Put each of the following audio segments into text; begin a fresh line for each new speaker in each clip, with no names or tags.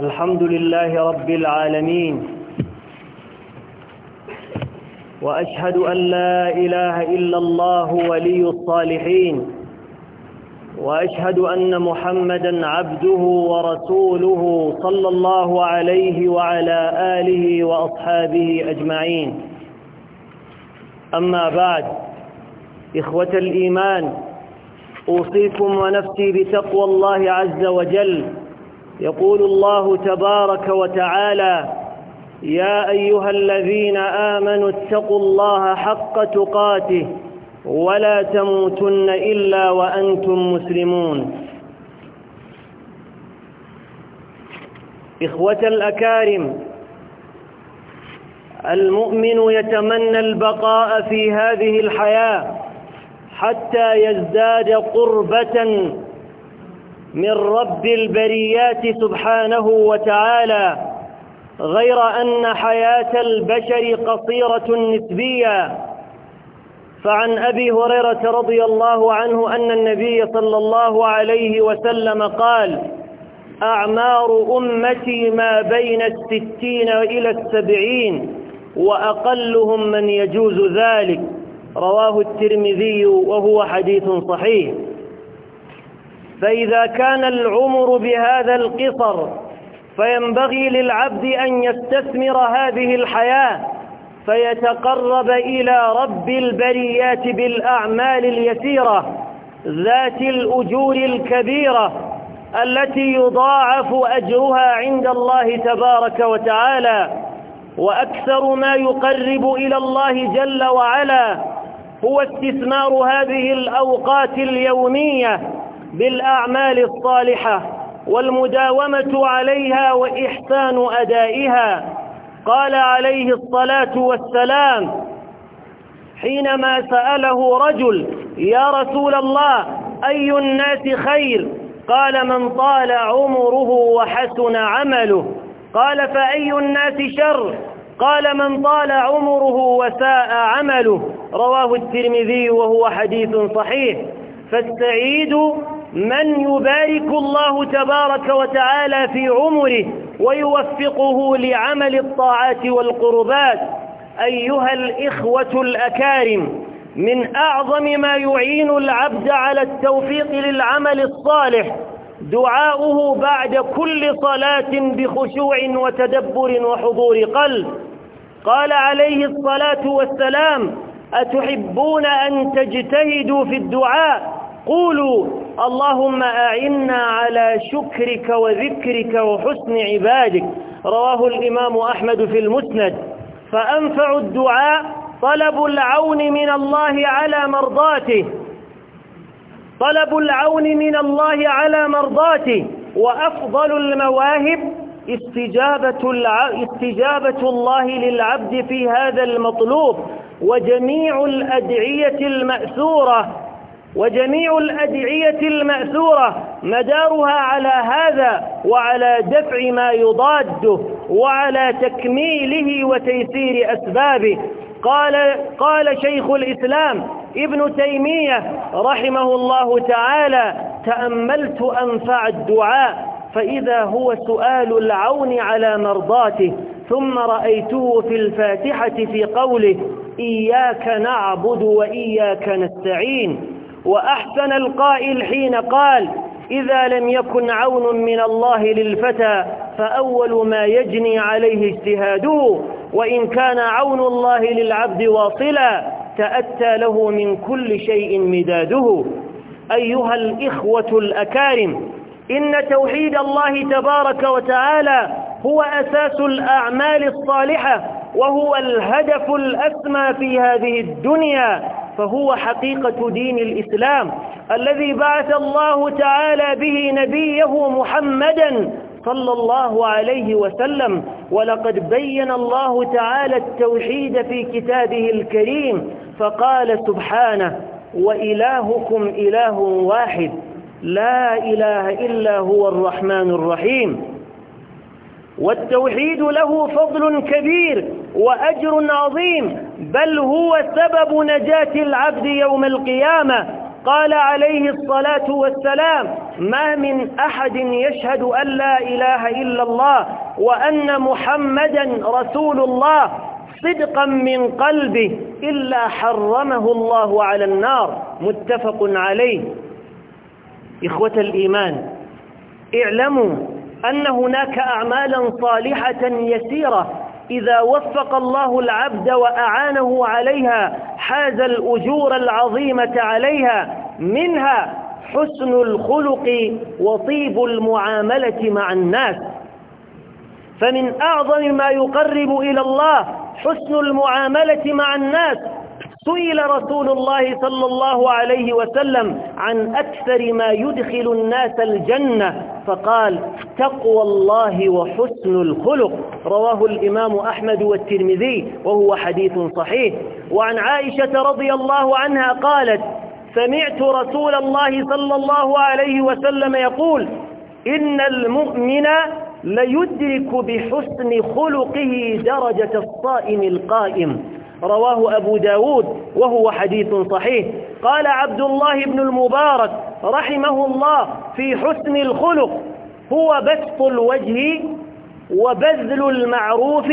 الحمد لله رب العالمين وأشهد أن لا إله إلا الله ولي الصالحين وأشهد أن محمدا عبده ورسوله صلى الله عليه وعلى آله وأصحابه أجمعين أما بعد إخوة الإيمان أوصيكم ونفسي بتقوى الله عز وجل يقول الله تبارك وتعالى يا أيها الذين آمنوا اتقوا الله حق تقاته ولا تموتن إلا وأنتم مسلمون إخوة الأكارم المؤمن يتمنى البقاء في هذه الحياة حتى يزداد قربة من رب البريات سبحانه وتعالى غير أن حياة البشر قصيرة نسبية فعن أبي هريرة رضي الله عنه أن النبي صلى الله عليه وسلم قال أعمار أمتي ما بين الستين إلى السبعين وأقلهم من يجوز ذلك رواه الترمذي وهو حديث صحيح فإذا كان العمر بهذا القصر فينبغي للعبد أن يستثمر هذه الحياة فيتقرب إلى رب البريات بالأعمال اليسيرة ذات الأجور الكبيرة التي يضاعف أجرها عند الله تبارك وتعالى وأكثر ما يقرب إلى الله جل وعلا هو استثمار هذه الأوقات اليومية بالأعمال الصالحة والمداومة عليها وإحسان أدائها قال عليه الصلاة والسلام حينما سأله رجل يا رسول الله أي الناس خير قال من طال عمره وحسن عمله قال فأي الناس شر قال من طال عمره وساء عمله رواه الترمذي وهو حديث صحيح فالسعيد من يبارك الله تبارك وتعالى في عمره ويوفقه لعمل الطاعات والقربات أيها الإخوة الأكارم من أعظم ما يعين العبد على التوفيق للعمل الصالح دعاؤه بعد كل صلاة بخشوع وتدبر وحضور قلب قال عليه الصلاة والسلام أتحبون أن تجتهدوا في الدعاء قولوا اللهم أعنا على شكرك وذكرك وحسن عبادك رواه الإمام أحمد في المسند فأنفع الدعاء طلب العون من الله على مرضاته طلب العون من الله على مرضاته وأفضل المواهب استجابة, الع... استجابة الله للعبد في هذا المطلوب وجميع الأدعية المأثورة وجميع الأدعية المأثورة مدارها على هذا وعلى دفع ما يضاده وعلى تكميله وتيسير أسبابه قال, قال شيخ الإسلام ابن تيمية رحمه الله تعالى تأملت أنفع الدعاء فإذا هو سؤال العون على مرضاته ثم رأيته في الفاتحة في قوله إياك نعبد وإياك نستعين وأحسن القائل حين قال إذا لم يكن عون من الله للفتى فأول ما يجني عليه اجتهاده وإن كان عون الله للعبد واصلا تأتى له من كل شيء مداده أيها الإخوة الأكارم إن توحيد الله تبارك وتعالى هو أساس الأعمال الصالحة وهو الهدف الأسمى في هذه الدنيا فهو حقيقة دين الإسلام الذي بعث الله تعالى به نبيه محمدا صلى الله عليه وسلم ولقد بين الله تعالى التوحيد في كتابه الكريم فقال سبحانه وإلهكم إله واحد لا إله إلا هو الرحمن الرحيم والتوحيد له فضل كبير وأجر عظيم بل هو سبب نجاة العبد يوم القيامة قال عليه الصلاة والسلام ما من أحد يشهد أن لا إله إلا الله وأن محمدا رسول الله صدقا من قلبه إلا حرمه الله على النار متفق عليه إخوة الإيمان اعلموا أن هناك أعمالا صالحة يسيرة إذا وفق الله العبد وأعانه عليها حاز الأجور العظيمة عليها منها حسن الخلق وطيب المعاملة مع الناس فمن أعظم ما يقرب إلى الله حسن المعاملة مع الناس سئل رسول الله صلى الله عليه وسلم عن أكثر ما يدخل الناس الجنة فقال تقوى الله وحسن الخلق رواه الإمام أحمد والترمذي وهو حديث صحيح وعن عائشة رضي الله عنها قالت سمعت رسول الله صلى الله عليه وسلم يقول إن المؤمن ليدرك بحسن خلقه درجة الصائم القائم رواه أبو داود وهو حديث صحيح قال عبد الله بن المبارك رحمه الله في حسن الخلق هو بسط الوجه وبذل المعروف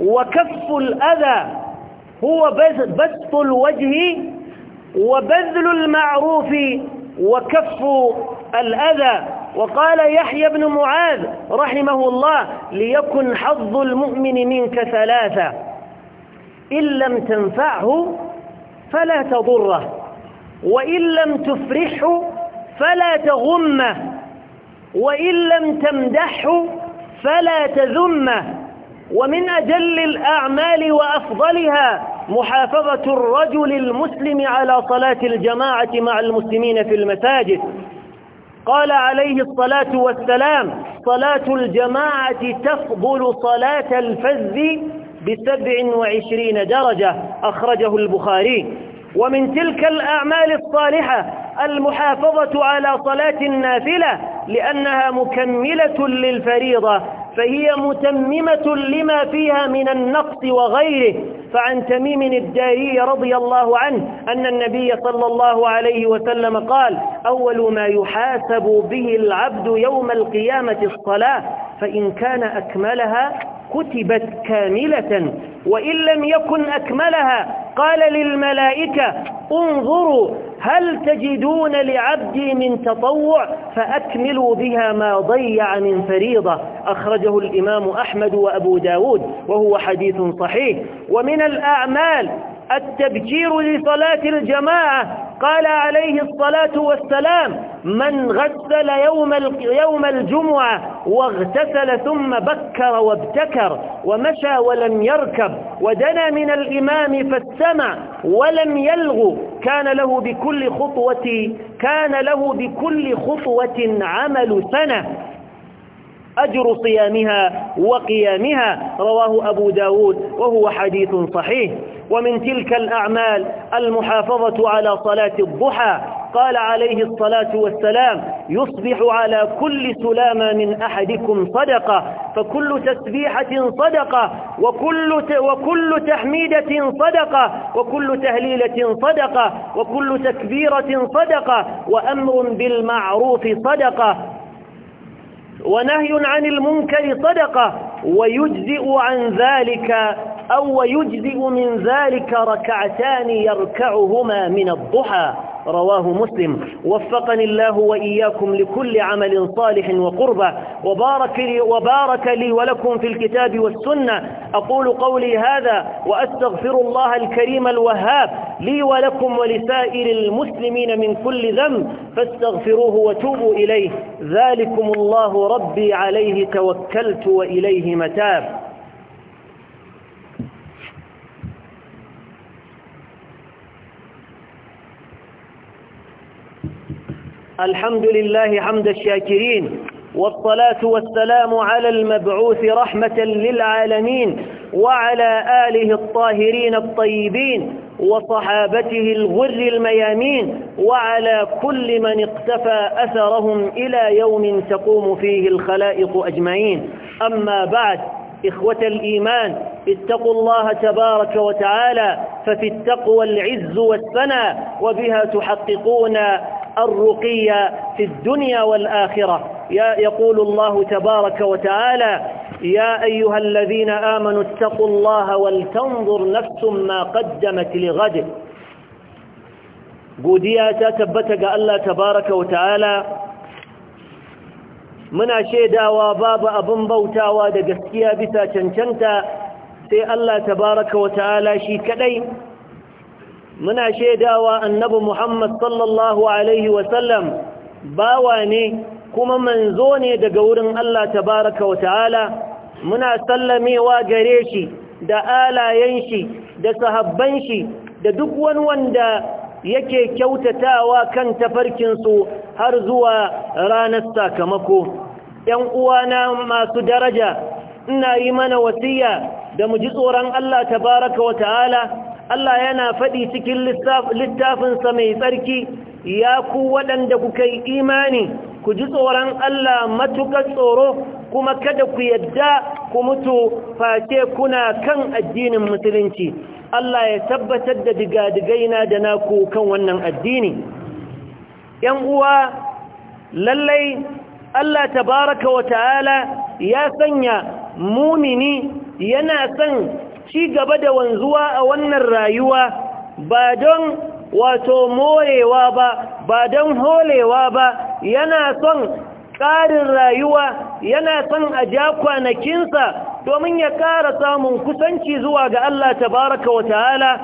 وكف الأذى هو بسط الوجه وبذل المعروف وكف الأذى وقال يحيى بن معاذ رحمه الله ليكن حظ المؤمن منك ثلاثة إن لم تنفعه فلا تضره وإن لم تفرحه فلا تغمه وإن لم تمدحه فلا تذمه ومن أجل الأعمال وأفضلها محافظة الرجل المسلم على صلاة الجماعة مع المسلمين في المساجد قال عليه الصلاة والسلام صلاة الجماعة تفضل صلاة الفذ بسبع وعشرين درجة أخرجه البخاري ومن تلك الأعمال الصالحة المحافظة على صلاة النافلة لأنها مكملة للفريضة فهي متممة لما فيها من النقص وغيره فعن تميم الداري رضي الله عنه أن النبي صلى الله عليه وسلم قال أول ما يحاسب به العبد يوم القيامة الصلاة فإن كان أكملها كتبت كاملة وإن لم يكن أكملها قال للملائكة انظروا هل تجد تفيدون لعبدي من تطوع فأكملوا بها ما ضيع من فريضة أخرجه الإمام أحمد وأبو داود وهو حديث صحيح ومن الأعمال التبجير لصلاة الجماعة قال عليه الصلاة والسلام من غسل يوم يوم الجمعة واغتسل ثم بكر وابتكر ومشى ولم يركب ودنا من الإمام فاستمع ولم يلغ كان له بكل خطوة كان له بكل خطوة عمل سنة أجر صيامها وقيامها رواه أبو داود وهو حديث صحيح ومن تلك الأعمال المحافظة على صلاة الضحى قال عليه الصلاة والسلام يصبح على كل سلامة من أحدكم صدقة فكل تسبيحة صدقة وكل, وكل تحميدة صدقة وكل تهليلة صدقة وكل تكبيرة صدقة وأمر بالمعروف صدقة ونهي عن المنكر صدقة ويجزئ عن ذلك أو يجزئ من ذلك ركعتان يركعهما من الضحى رواه مسلم وفقني الله وإياكم لكل عمل صالح وقربة وبارك لي, وبارك لي ولكم في الكتاب والسنة أقول قولي هذا وأستغفر الله الكريم الوهاب لي ولكم ولسائر المسلمين من كل ذنب فاستغفروه وتوبوا إليه ذلكم الله ربي عليه توكلت وإليه متاب الحمد لله حمد الشاكرين والصلاة والسلام على المبعوث رحمة للعالمين وعلى آله الطاهرين الطيبين وصحابته الغر الميامين وعلى كل من اقتفى أثرهم إلى يوم تقوم فيه الخلائق أجمعين أما بعد إخوة الإيمان اتقوا الله تبارك وتعالى ففي التقوى العز والثنى وبها تحققون الرقية في الدنيا والآخرة يا يقول الله تبارك وتعالى يا أيها الذين آمنوا اتقوا الله ولتنظر نفس ما قدمت لغد قوديا تتبتق الله تبارك وتعالى منا شيدا وباب أبن بوتا ودقسكيا بثا تنشنتا سي الله تبارك وتعالى شيكتين muna shaidawa annabi Muhammad sallallahu alaihi wasallam bawa ne kuma manzo ne daga wurin Allah tabaraka wa ta'ala muna sallamewa gare shi da alayen shi da sahabban shi da duk wani wanda yake kyautatawa kan tafarkinsu har zuwa ranar sakamako ‘yan uwana masu daraja ina yi mana wasiya da mu ji tsoron Allah tabaraka wa ta'ala Allah yana faɗi cikin littafinsa mai tsarki ya ku waɗanda kuka yi imani ku ji tsoron Allah matuƙar tsoro kuma kada ku yadda ku mutu face kuna kan addinin musulunci Allah ya tabbatar da diga-digai digadigaina da naku kan wannan addini ‘yan uwa lallai Allah tabaraka wa ta'ala ya sanya mumini yana san ci gaba da wanzuwa a wannan rayuwa ba don wato morewa ba ba don holewa ba yana son ƙarin rayuwa yana son a ja kwanakinsa domin ya ƙara samun kusanci zuwa ga Allah tabaraka wa ta'ala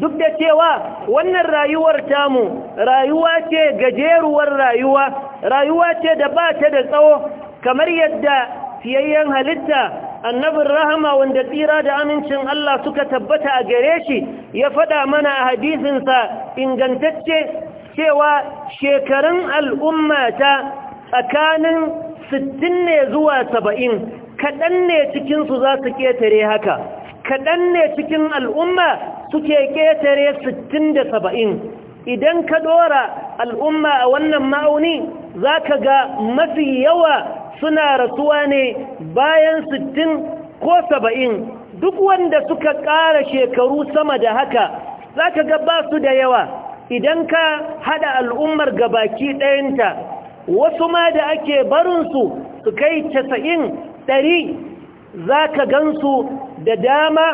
duk da cewa wannan rayuwar tamu rayuwa ce gajeruwar rayuwa rayuwa ce da ba ta da tsawo kamar yadda fiyayyen halitta annabin rahama wanda tsira da amincin Allah suka tabbata a gare shi ya faɗa mana a hadisinsa ingantacce cewa shekarun al'umma ta tsakanin sittin ne zuwa saba'in kaɗan ne cikinsu za su ƙetare haka kaɗan ne cikin al'umma suke ƙetare sittin da saba'in idan ka ɗora al'umma a wannan ma'auni za ka ga mafi yawa suna rasuwa ne bayan sittin ko saba'in duk wanda suka ƙara shekaru sama da haka za ka ga ba su da yawa idan ka haɗa al'ummar gabaki ɗayanta wasu ma da ake barinsu su kai casa'in ɗari za ka gansu da dama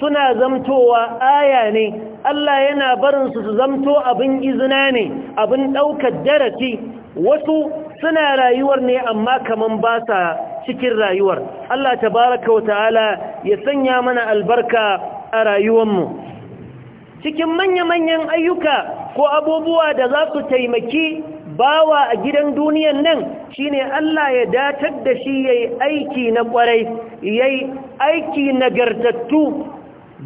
suna zamtowa aya ne Allah yana barinsu su zamto abin izina ne abin ɗaukar darasi wasu suna rayuwar ne amma kaman ba sa cikin rayuwar Allah tabaraka wa ta'ala ya sanya mana albarka a rayuwar mu. cikin manya-manyan ayyuka ko abubuwa da za su taimaki bawa a gidan duniyan nan shine Allah ya datar da shi yayi aiki na kwarai yayi aiki nagartattu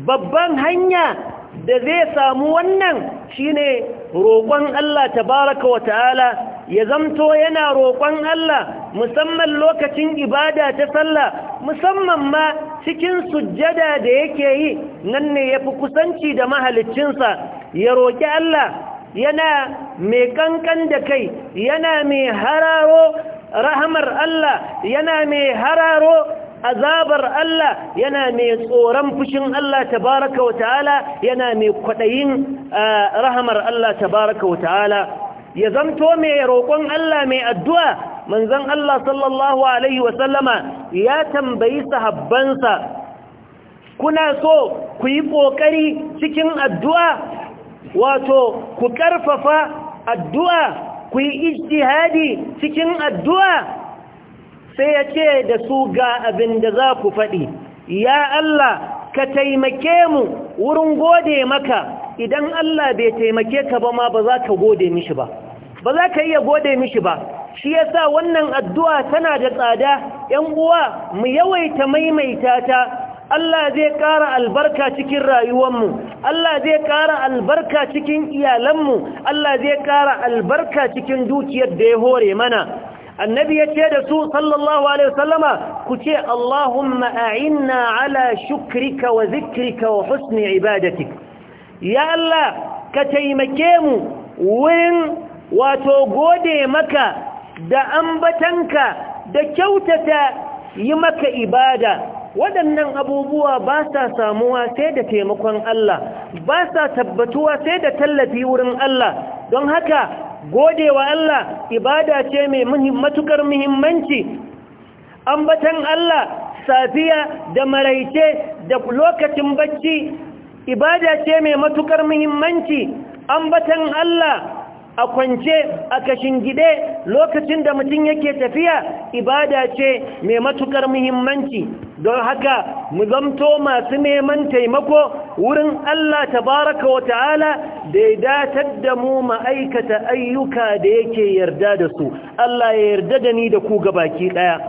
babban hanya da zai samu wannan shine roƙon Allah tabaraka wa ta'ala ya zamto yana roƙon Allah musamman lokacin ibada ta sallah musamman ma cikin sujjada da yake yi nan ne ya fi kusanci da mahaliccinsa ya roƙi Allah yana mai kankan da kai yana mai hararo rahamar Allah yana mai hararo azabar Allah yana mai tsoron fushin Allah tabaraka wa ta'ala yana mai kwaɗayin eh, rahamar Allah tabaraka wa ta'ala ya zanto mai roƙon Allah mai addu'a manzon Allah sallallahu alaihi wasallama ya tambayi sahabbansa kuna so ku yi ƙoƙari cikin addu'a wato ku ƙarfafa addu'a ku yi ijtihadi cikin addu'a sai ya ce da su ga abin da za ku faɗi ya Allah ka taimake mu wurin gode maka idan Allah bai taimake ka ba ma ba za ka gode mishi ba ba za ka iya gode mishi ba shi yasa wannan addu'a tana da tsada ‘yan uwa mu yawaita maimaita ta Allah zai ƙara albarka cikin rayuwanmu, Allah zai ƙara albarka cikin iyalanmu, Allah zai ƙara albarka cikin dukiyar da ya hore mana. Annabi ya ce da su sallallahu Alaihi wasallama ku ce, Allahumma a'inna ala shukrika wa zikrika wa husni ibadatik. Ya Allah, ka taimake mu wurin wato gode maka da ambatanka da kyautata yi maka ibada waɗannan abubuwa ba sa samuwa sai da taimakon Allah ba sa tabbatuwa sai da tallafi wurin Allah don haka gode wa Allah ibada ce mai matukar muhimmanci ambatan Allah safiya da maraice da lokacin bacci ibada ce mai matukar muhimmanci ambatan Allah a kwance a kashin gide lokacin da mutum yake tafiya ibada ce mai matukar muhimmanci don haka mu zamto masu neman taimako wurin Allah ta baraka wa ta'ala da ya datar da mu ma'aikata ayyuka da yake yarda da su Allah ya yarda da ni da ku ga baki ɗaya.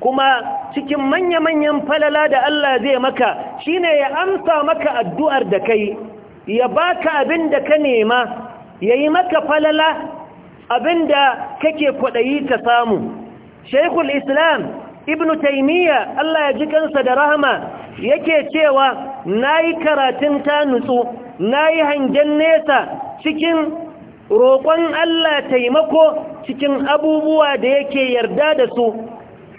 kuma cikin manya-manyan falala da Allah zai maka shine ya amsa maka addu'ar da kai ya baka abin da ka nema yayi maka falala abinda kake kwaɗayi ka samu Sheikhul Islam Ibn Taimiyya Allah ya ji kansa da rahama yake cewa nayi karatun ta nutsu yi hangen nesa cikin roƙon Allah taimako cikin abubuwa da yake yarda da su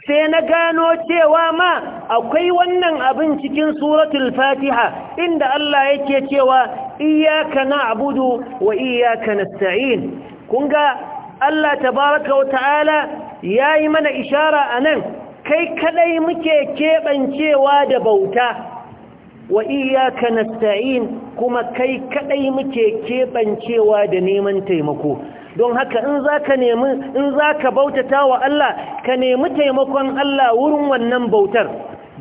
sai na gano cewa ma akwai wannan abin cikin suratul fatiha inda Allah yake cewa iyyaka na'budu wa iyyaka nasta'in kun ga Allah tabaaraka wa ta'ala yayi mana ishara anan kai kadai muke kebancewa da bauta wa iyyaka nasta'in kuma kai kadai muke kebancewa da neman taimako don haka in zaka nemi in bautata wa Allah ka nemi taimakon Allah wurin wannan bautar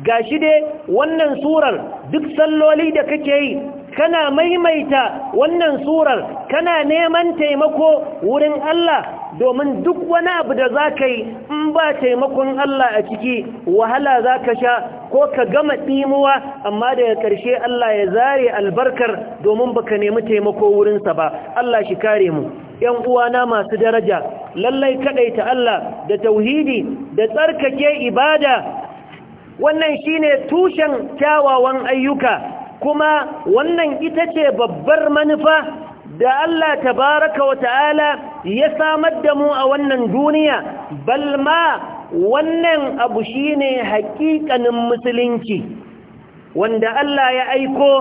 gashi dai wannan surar duk salloli da kake yi kana maimaita wannan surar kana neman taimako wurin Allah domin duk wani abu da za ka yi in ba taimakon Allah a ciki wahala za ka sha ko ka gama ɗimuwa amma daga ƙarshe Allah ya zare albarkar domin baka nemi taimako wurinsa ba Allah shi kare mu yan uwana masu daraja lallai kaɗaita Allah da tauhidi da tsarkake ibada wannan ne tushen kyawawan ayyuka kuma wannan ita ce babbar manufa da Allah tabaraka wa ta'ala ya samar da mu a wannan duniya balma wannan abu shine haƙiƙanin musulunci wanda Allah ya aiko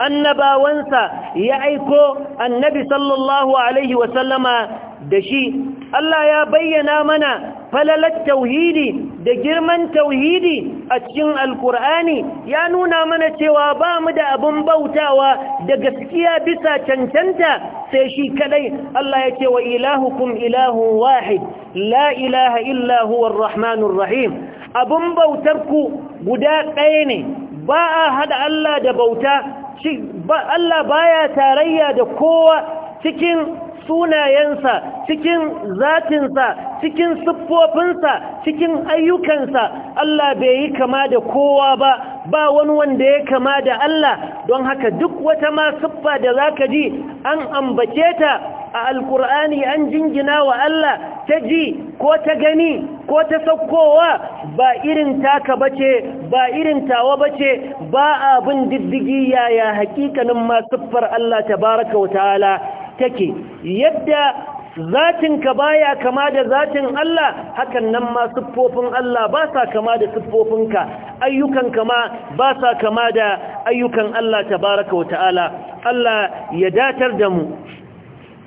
annabawansa ya aiko annabi sallallahu alaihi wasallama da shi Allah ya bayyana mana falalar tauhidi da girman tauhidi a cikin alkur'ani ya nuna mana cewa ba mu da abin bautawa da gaskiya bisa cancanta sai shi kadai Allah ya ce wa ilahukum ilahu wahid la ilaha illa huwa rahmanur rahim abin bautarku guda ɗaya ne ba a hada Allah da bauta Allah baya tarayya da kowa cikin sunayensa cikin zatinsa cikin siffofinsa cikin ayyukansa Allah bai yi kama da kowa ba ba wani wanda ya kama da Allah don haka duk wata ma siffa da ka ji an ambace ta a alkur'ani an jingina wa Allah ta ji ko ta gani ko ta saukowa ba irin taka bace ba irin tawa bace ba abin diddigi yaya hakikanin ma siffar Allah tabaraka wa ta'ala take yadda zatinka baya kama da zatin Allah hakan nan ma siffofin Allah ba sa kama da siffofinka ayyukan kama ba sa kama da ayyukan Allah tabaraka wa ta'ala Allah ya datar da mu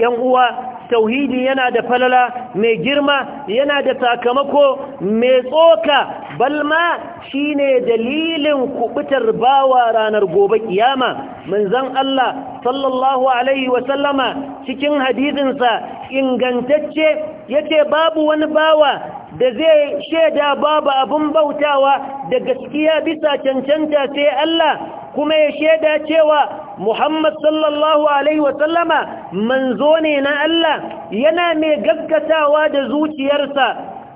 ‘yan uwa tauhidi yana da falala mai girma yana da sakamako mai tsoka balma shine dalilin kubutar bawa ranar gobe kiyama manzon Allah sallallahu alaihi wasallama cikin hadizinsa ingantacce yake babu wani bawa da zai shaida babu abin bautawa da gaskiya bisa cancanta sai Allah kuma ya shaida cewa Muhammad sallallahu alaihi wasallama manzo ne na Allah yana mai gaggatawa da zuciyarsa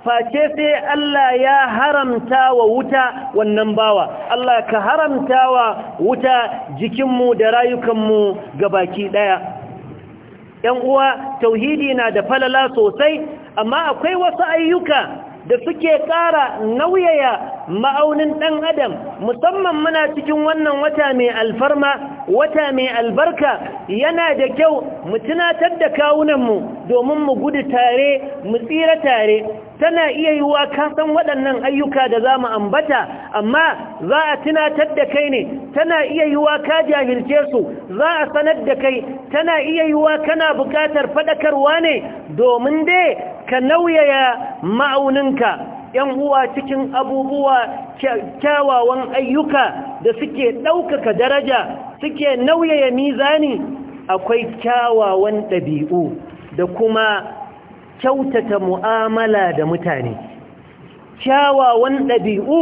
face sai Allah ya haramta wa wuta wannan bawa Allah ka haramta wa wuta jikinmu da rayukanmu gabaki daya ‘yan uwa tauhidi na da falala sosai amma akwai wasu ayyuka da suke ƙara nauyaya ma'aunin ɗan adam musamman muna cikin wannan wata mai alfarma wata mai albarka yana da kyau mu tunatar da kawunanmu domin mu gudu tare mu tsira tare tana iya yiwuwa ka san waɗannan ayyuka da za mu ambata amma za a tunatar da kai ne tana iya yiwuwa ka jahilce su za a sanar da kai tana iya yiwuwa kana buƙatar faɗakarwa ne domin dai ka nauyaya ma'auninka ‘yan uwa cikin abubuwa kyawawan ayyuka da suke ɗaukaka daraja suke nauyaya mizani akwai kyawawan ɗabi'u da kuma kyautata mu'amala da mutane kyawawan ɗabi'u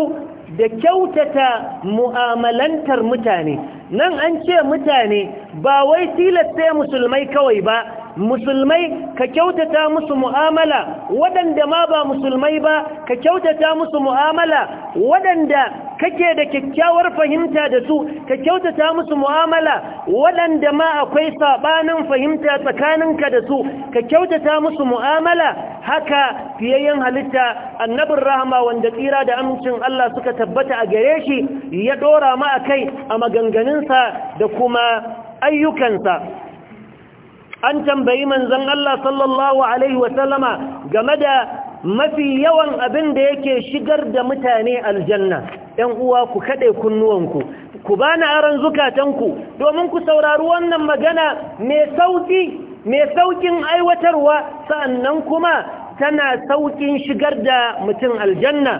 da kyautata mu'amalantar mutane nan an ce mutane ba wai tilasta musulmai kawai ba musulmai ka kyautata musu mu'amala waɗanda ma ba musulmai ba ka kyautata musu mu'amala waɗanda kake da kyakkyawar fahimta da su ka kyautata musu mu'amala waɗanda ma akwai saɓanin fahimta tsakaninka da su ka kyautata musu mu'amala haka fiyayyen halitta annabin rahama wanda tsira da amincin Allah suka tabbata a gare shi ya ɗora ma a kai a maganganunsa da kuma ayyukansa an tambayi manzon Allah sallallahu alaihi wasallama game da mafi yawan abin da yake shigar da mutane aljanna ɗan uwa ku kaɗe kunnuwanku ku bani aron zukatanku domin ku saurari wannan magana mai sauƙi mai sauƙin aiwatarwa sa'annan kuma tana sauƙin shigar da mutum aljanna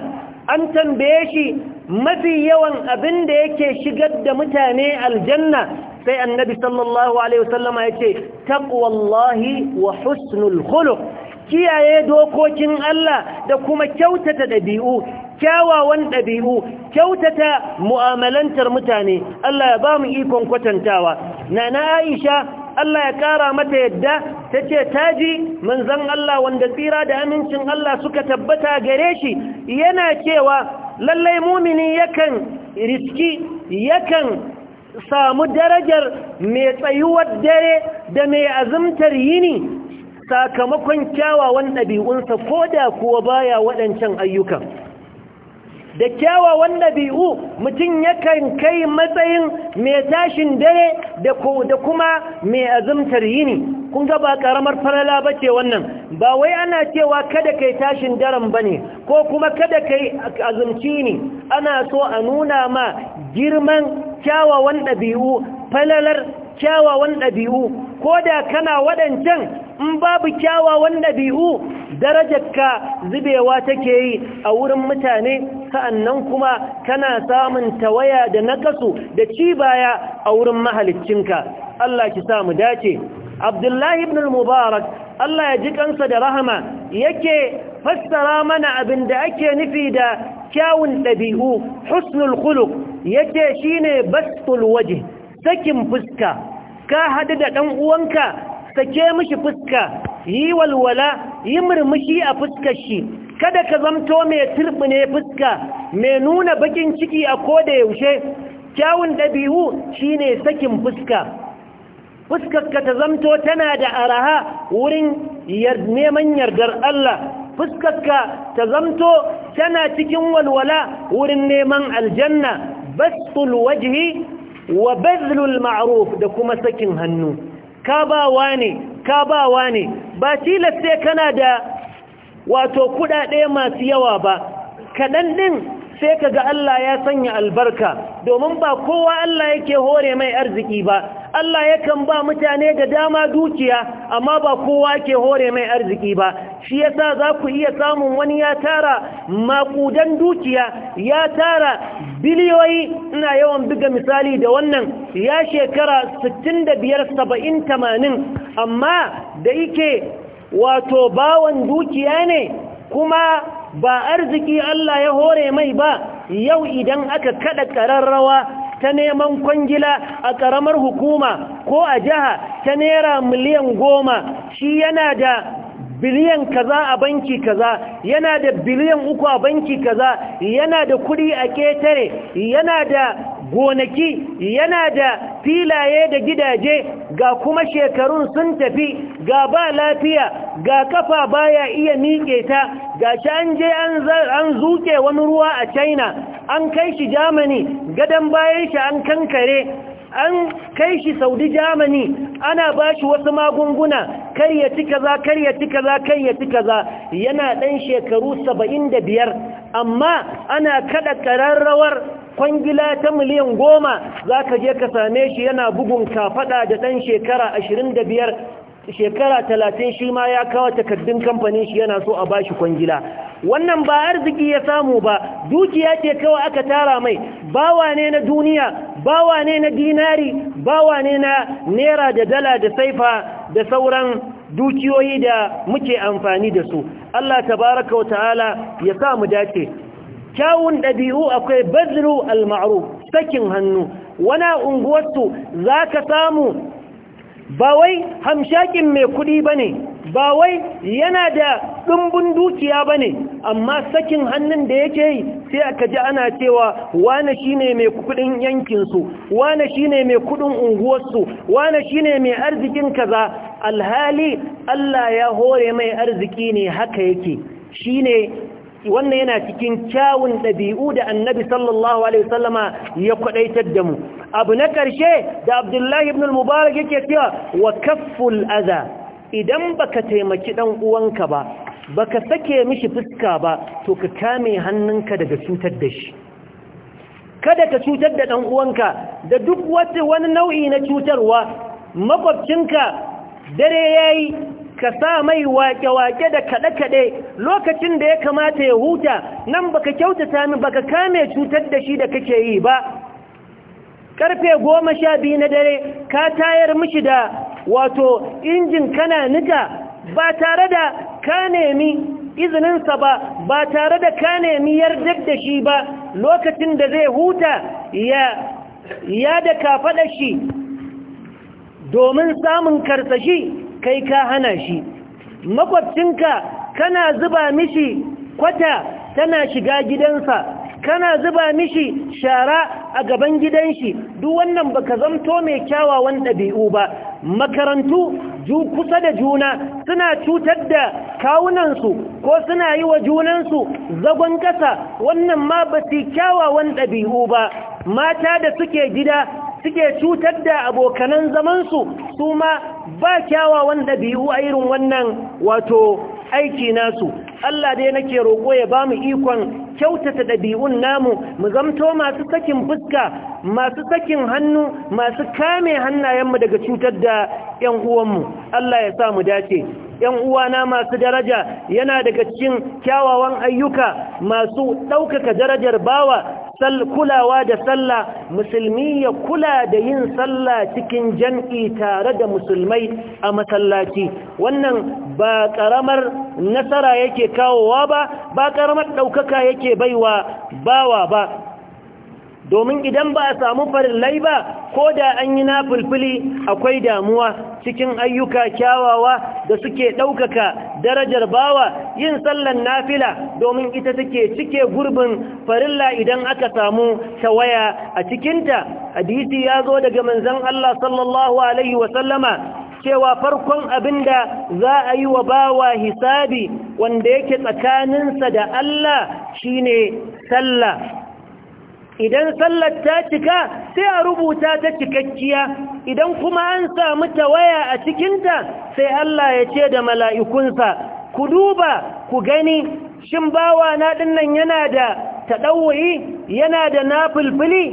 an tambaye shi mafi yawan abin da yake shigar da mutane aljanna sai annabi sallallahu alaihi wasallama yace taqwallahi wa husnul khuluq kiyaye dokokin Allah da kuma kyautata dabi'u kyawawan dabi'u kyautata mu'amalantar mutane Allah ya bamu ikon kwatantawa nana Aisha Allah ya kara mata yadda tace taji manzon Allah wanda tsira da amincin Allah suka tabbata gare shi yana cewa lallai mumini yakan riski yakan samu darajar mai tsayuwar dare da mai azumtar yini sakamakon kyawawan ɗabi'unsa ko da kuwa baya waɗancan ayyukan da kyawawan ɗabi'u mutum yakan kai matsayin mai tashin dare da kuma mai azumtar yini kun gaba ƙaramar farala ba ce wannan ba wai ana cewa kada kai tashin daren ba ne ko kuma kada kai azumci ne ana so a nuna ma girman kyawawan ɗabi'u falalar kyawawan ɗabi'u ko da kana waɗancan in babu kyawawan darajar ka zubewa take yi a wurin mutane sa'annan kuma kana samun tawaya da nakasu da ci baya a wurin mahaliccinka Allah ki samu dace Abdullahi ibn al-Mubarak Allah ya ji kansa da rahama yake fassara mana abin da ake nufi da kyawun ɗabi'u husnul khuluq yace shine bastul waje sakin fuska ka hadu da ɗan uwanka sake mishi fuska yi walwala yi murmushi a fuskar shi kada ka zamto mai turbine fuska mai nuna bakin ciki a koda yaushe kyawun ɗabi'u shine sakin fuska fuskar ka ta zamto tana da araha wurin neman yardar Allah fuskarka ta zamto tana cikin walwala wurin neman aljanna basul wajhi wa bazlul ma'ruf da kuma sakin hannu ka ba ne ka ba ne ba tilasta kana da wato kuɗaɗe masu yawa ba kaɗan ɗin sai ka ga Allah ya sanya albarka domin ba kowa Allah yake hore mai arziki ba Allah yakan ba mutane da dama dukiya amma ba kowa ke hore mai arziki ba shi yasa za ku iya samun wani ya tara makudan dukiya ya tara biliyoyi ina yawan buga misali da wannan ya shekara 65 70 80 amma da yake wato bawon dukiya ne kuma ba arziki Allah ya hore mai ba yau idan aka kada ƙararrawa ta neman kwangila a ƙaramar hukuma ko a jiha ta naira miliyan goma shi yana da biliyan kaza a banki kaza yana da biliyan uku a banki kaza yana da kuɗi a ƙetare yana da gonaki yana da filaye da gidaje ga kuma shekarun sun tafi ga ba lafiya ga kafa baya iya miƙe ta ga shi an je an zuke wani ruwa a china an kai shi germany gadon bayan shi an kankare an kai shi saudi germany ana ba shi wasu magunguna kar ya ci kaza kar ya ci kaza kar ya ci kaza yana dan shekaru saba'in da biyar amma ana kaɗa ƙararrawar kwangila ta miliyan goma za ka je ka same shi yana bugun kafaɗa da ɗan shekara ashirin da biyar shekara talatin shi ma ya kawo takardun kamfanin shi yana so a ba shi kwangila wannan ba arziki ya samu ba dukiya ce kawai aka tara mai bawa ne na duniya bawa ne na dinari bawa ne na nera da dala da saifa da sauran dukiyoyi da muke amfani da su Allah tabaraka wa ta'ala ya sa mu dace kyawun ɗabi'u akwai bazru almaru, sakin hannu wana unguwarsu za ka samu ba wai hamshakin mai kuɗi ba ne ba wai yana da ɗumbin dukiya ba ne amma sakin hannun da yake yi sai aka ji ana cewa wane shi mai kudin yankinsu wane shi mai kudin unguwarsu wane shi mai arzikin kaza alhali Allah ya hore mai arziki ne haka yake shi ne wannan yana cikin kyawun ɗabi'u da annabi sallallahu alaihi wasallama ya kwaɗaitar da mu abu na ƙarshe da abdullahi ibn al-mubarak yake cewa wa kafful idan baka taimaki ɗan uwanka ba baka sake mishi fuska ba to ka kame hannunka daga cutar da shi kada ka cutar da ɗan uwanka da duk wata wani nau'i na cutarwa makwabcinka dare yayi ka sa mai wake-wake da kaɗe-kaɗe lokacin da ya kamata ya huta nan baka kyautata ba baka kame cutar da shi da kake yi ba karfe goma sha biyu na dare ka tayar mishi da wato injin kana nika ba tare da ka nemi izininsa ba ba tare da ka nemi yardar da shi ba lokacin da zai huta ya da ka faɗa shi domin samun karsashi kai ka hana shi makwabcinka kana zuba mishi kwata tana shiga gidansa kana zuba mishi shara a gaban gidan shi duk wannan baka zamto mai kyawawan ɗabi'u ba makarantu ju kusa da juna suna cutar da kawunansu ko suna yi wa junansu zagon ƙasa wannan ma ba su kyawawan ɗabi'u ba mata da suke gida suke cutar da abokanan zamansu su ma ba kyawawan ɗabi'u a irin wannan wato aiki nasu Allah dai nake roƙo ya ba mu ikon kyautata ɗabi'un namu mu zamto masu sakin fuska masu sakin hannu masu kame hannayenmu daga cutar da 'yan uwanmu Allah ya sa mu dace ‘yan uwana masu daraja yana daga cikin kyawawan ayyuka masu ɗaukaka darajar bawa sal kulawa da sallah musulmi ya kula da yin sallah cikin jam'i tare da musulmai a masallaci wannan ba ƙaramar nasara yake kawowa ba ba ƙaramar ɗaukaka yake baiwa bawa ba domin idan ba a samu farillai ba ko da an yi na fulfili akwai damuwa cikin ayyuka kyawawa da suke ɗaukaka darajar bawa yin sallan nafila domin ita take cike gurbin farilla idan aka samu tawaya a cikinta hadisi ya zo daga manzon Allah sallallahu alaihi wasallama cewa farkon abin da za a yi wa bawa hisabi wanda yake tsakaninsa da Allah shine sallah idan sallar ta cika sai a rubuta ta cikakkiya idan kuma an samu waya a cikinta sai Allah ya ce da mala'ikunsa ku duba ku gani shin bawa na dinnan yana da taɗawayi yana da nafulfuli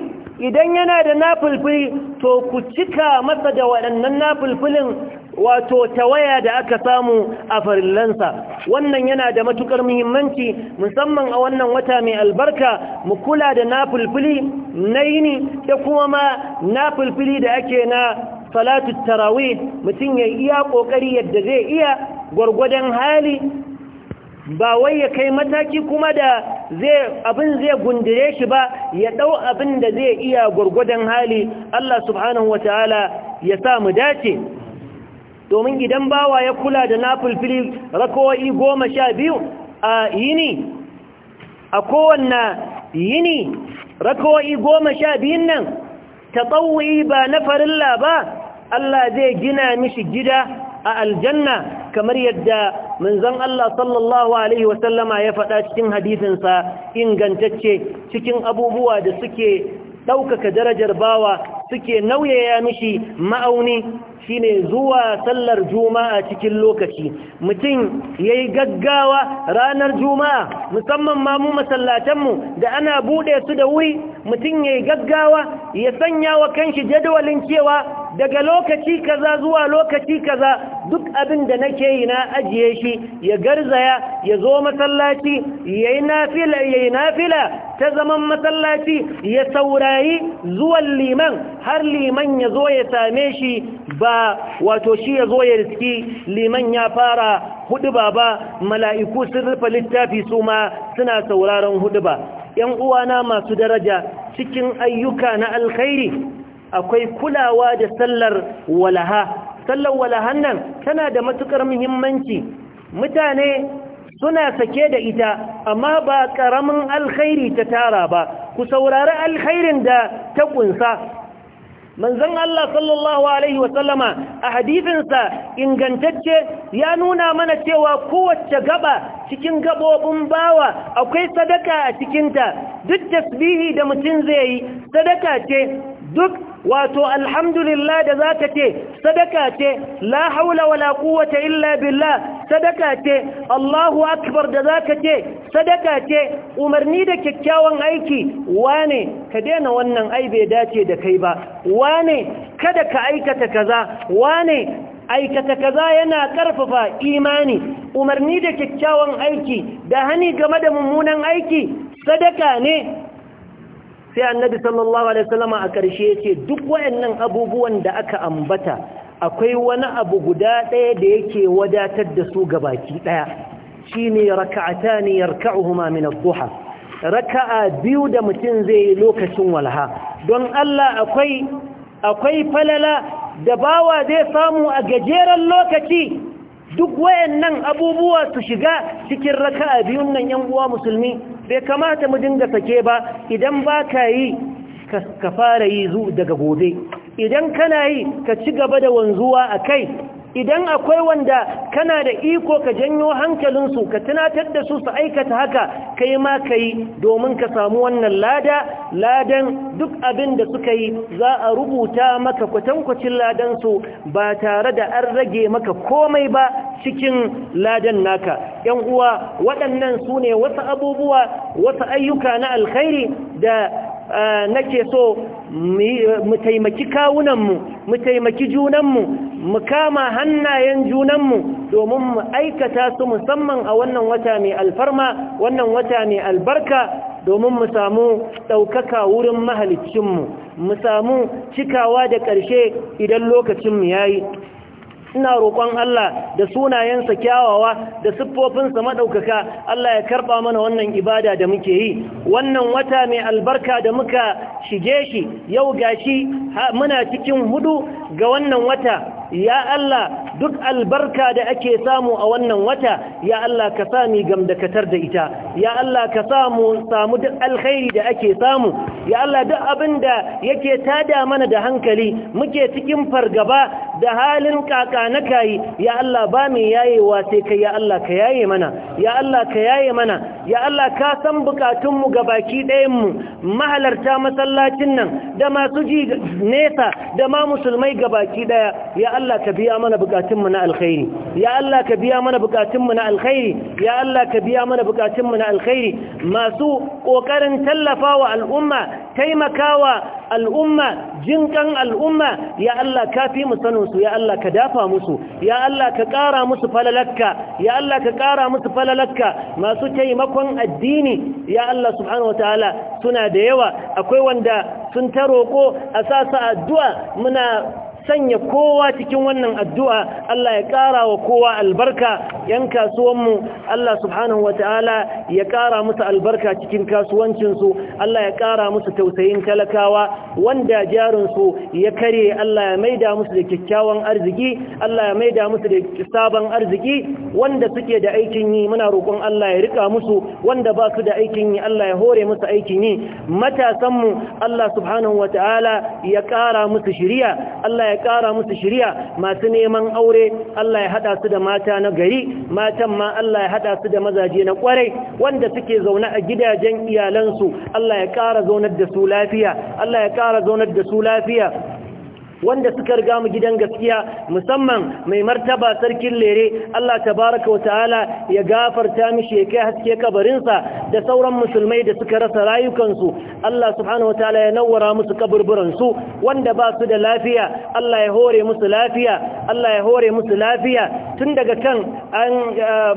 idan yana da nafulfuli to ku cika masa da waɗannan nafulfulin wato tawaya da aka samu a farillansa wannan yana da matukar muhimmanci musamman a wannan wata mai albarka mu kula da nafulfuli na yini da kuma ma nafulfuli da ake na salatu tarawih mutum ya iya kokari yadda zai iya gwargwadon hali ba wai ya kai mataki kuma da zai abin zai gundire shi ba ya dau abin da zai iya gwargwadon hali Allah subhanahu wataala ya sa mu dace domin idan bawa ya kula da nafilfili rakowai goma sha biyu a yini a kowanne yini rakowai goma sha biyun nan ta tsawo'i ba na farilla ba Allah zai gina mishi gida a aljanna kamar yadda manzon Allah sallallahu alaihi wasallama ya faɗa cikin hadisinsa ingantacce cikin abubuwa da suke ɗaukaka darajar bawa suke nauyaya mishi ma'auni shine zuwa sallar juma'a cikin lokaci mutum yayi gaggawa ranar juma'a musamman ma mu masallatanmu da ana bude su da wuri mutum yayi gaggawa ya sanya wa kanshi jadawalin cewa daga lokaci kaza zuwa lokaci kaza duk abin da nake yi na ajiye shi ya garzaya ya zo masallaci yayi nafila yayi nafila ta zaman masallaci ya saurayi zuwan liman har liman ya zo ya same shi ba wato shi ya zo ya riski liman ya fara huduba ba mala'iku sun rufe littafi su ma suna sauraron huduba ‘yan uwana masu daraja cikin ayyuka na alkhairi akwai kulawa da sallar walaha sallar walahan nan tana da matukar muhimmanci mutane suna sake da ita amma ba ƙaramin alkhairi ta tara ba ku saurari alkhairin da ta kunsa manzon Allah sallallahu alaihi wa a hadisinsa ingantacce ya nuna mana cewa kowace gaba cikin gabobin bawa akwai sadaka a cikinta duk tasbihi da mutum zai yi sadaka ce duk wato alhamdulillah da zaka ce sadaka ce la haula wala quwwata illa billah sadaka ce Allahu akbar da zaka ce sadaka ce umarni da kyakkyawan aiki wane ka daina wannan ai bai dace da kai ba wane kada ka aikata kaza wane aikata kaza yana karfafa imani umarni da kyakkyawan aiki da hani game da mummunan aiki sadaka ne sai annabi sallallahu alaihi wasallama a ƙarshe yace duk wayannan abubuwan da aka ambata akwai wani abu guda ɗaya da yake wadatar da su gabaki ɗaya shine raka'atani yarka'uhuma min ad-duha raka'a biyu da mutum zai yi lokacin walha don Allah akwai akwai falala da bawa zai samu a gajeren lokaci duk wayannan abubuwa su shiga cikin raka'a biyun nan yan uwa musulmi bai kamata mu dinga sake ba idan ba ka yi ka fara yi zu daga gobe idan kana yi ka ci gaba da wanzuwa a kai idan akwai wanda kana da iko ka janyo hankalinsu ka tunatar da su su aikata haka kai ma ka yi domin ka samu wannan lada ladan duk abin da suka yi za a rubuta maka kwatankwacin ladansu ba tare da an rage maka komai ba cikin ladan naka ‘yan uwa waɗannan su ne wasu abubuwa wasu ayyuka na alkhairi da Eh, nake so mu taimaki kawunanmu mu taimaki junanmu mu kama hannayen junanmu domin mu aikata su musamman a wannan wata mai alfarma wannan wata mai albarka domin mu samu ɗaukaka wurin mahalicinmu mu samu cikawa da ƙarshe idan lokacinmu ya yi ina roƙon Allah da sunayensa kyawawa da siffofinsa maɗaukaka Allah ya karɓa mana wannan ibada da muke yi wannan wata mai albarka da muka shige shi yau gashi muna cikin hudu ga wannan wata ya Allah duk albarka da ake samu a wannan wata ya Allah ka sami gamdakatar da ita ya Allah ka samu samu duk alkhairi da ake samu ya Allah duk abinda yake tada mana da hankali muke cikin fargaba da halin kaka na kai ya Allah ba mu yayewa sai kai ya Allah ka yaye mana ya Allah ka yaye mana ya Allah ka san bukatunmu gabaki ɗayanmu mahalarta masallacin nan da masu ji nesa da ma musulmai gabaki ɗaya ya Allah ka biya mana bukatunmu na alkhairi ya Allah ka biya mana bukatunmu na alkhairi ya Allah ka biya mana bukatunmu na alkhairi masu kokarin tallafawa al'umma taimakawa al'umma jinkan al'umma ya Allah ka fi mu sanin su ya Allah ka dafa musu ya Allah ka kara musu falalakka ya Allah ka kara musu falalakka masu taimakon addini ya Allah subhanahu wataala suna da yawa akwai wanda sun ta roƙo a sa addu'a muna sanya kowa cikin wannan addu'a Allah ya ƙara wa kowa albarka ‘yan kasuwanmu Allah subhanahu wata'ala ya ƙara musu albarka cikin kasuwancinsu Allah ya ƙara musu tausayin talakawa wanda jarinsu ya kare Allah ya maida musu da kyakkyawan arziki Allah ya maida musu da sabon arziki wanda suke da aikin yi muna roƙon Allah ya rika musu wanda ba su da aikin yi Allah ya hore musu aikin yi matasanmu Allah subhanahu wata'ala ya ƙara musu shiriya ya ƙara musu shirya masu neman aure Allah ya haɗa su da mata na gari matan ma Allah ya haɗa su da mazaje na kwarai wanda suke zaune a gidajen iyalansu Allah ya ƙara zaunar da su lafiya Allah ya ƙara zaunar da su lafiya wanda suka riga mu gidan gaskiya musamman mai martaba sarkin lere Allah tabaraka wa ta'ala ya gafarta mishi ya kai haske kabarinsa da sauran musulmai da suka rasa rayukansu Allah subhanahu wataala ya nawwara musu kaburburan su wanda ba su da lafiya Allah ya hore musu lafiya Allah ya hore musu lafiya tun daga kan an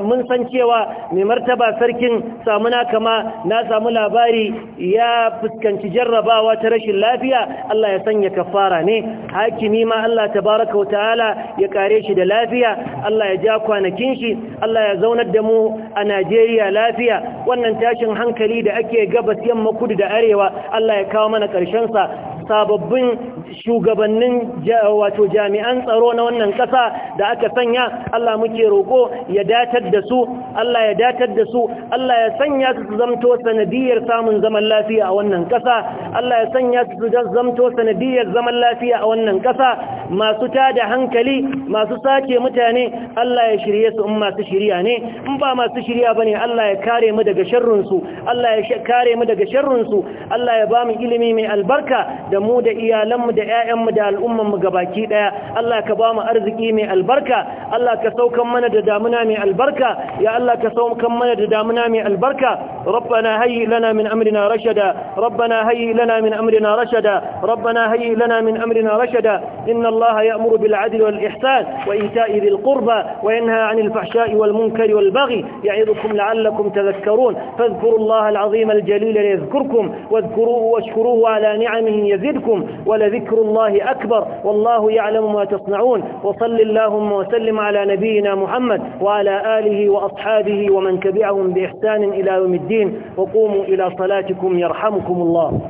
mun san cewa mai martaba sarkin samu na kama na samu labari ya fuskanci jarrabawa ta rashin lafiya Allah ya sanya kafara ne hakimi ma Allah tabaraka ta'ala ya kare shi da lafiya Allah ya ja kwanakin shi Allah ya zaunar da mu a Najeriya lafiya wannan tashin hankali da ake gabas yamma kudu da arewa Allah ya kawo mana karshen sa sababbin shugabannin wato jami'an tsaro na wannan ƙasa da aka sanya Allah muke roƙo ya datar da su Allah ya datar da su Allah ya sanya su zamto sanadiyar samun zaman lafiya a wannan ƙasa Allah ya sanya su zamto sanadiyar zaman lafiya a wannan ƙasa masu tada hankali masu sake mutane Allah ya shirye su in masu shirya ne in ba masu shirya bane Allah ya kare mu daga sharrin su Allah ya kare mu daga sharrin su Allah ya ba mu ilimi mai albarka da da mu da iyalanmu da ƴaƴanmu da al'ummarmu gabaki daya Allah ka ba mu arziki mai albarka Allah ka saukan mana da damuna mai albarka ya Allah ka saukan mana da damuna mai albarka ربنا هيئ لنا من امرنا رشدا ربنا هيئ لنا من امرنا رشدا ربنا هيئ لنا من امرنا رشدا ان الله يأمر بالعدل والاحسان وايتاء ذي القربى وينهى عن الفحشاء والمنكر والبغي يعظكم لعلكم تذكرون فاذكروا الله العظيم الجليل يذكركم واذكروه واشكروه على نعمه يزيد يزدكم ولذكر الله أكبر والله يعلم ما تصنعون وصل اللهم وسلم على نبينا محمد وعلى آله وأصحابه ومن تبعهم بإحسان إلى يوم الدين وقوموا إلى صلاتكم يرحمكم الله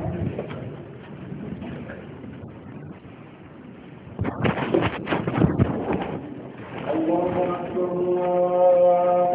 الله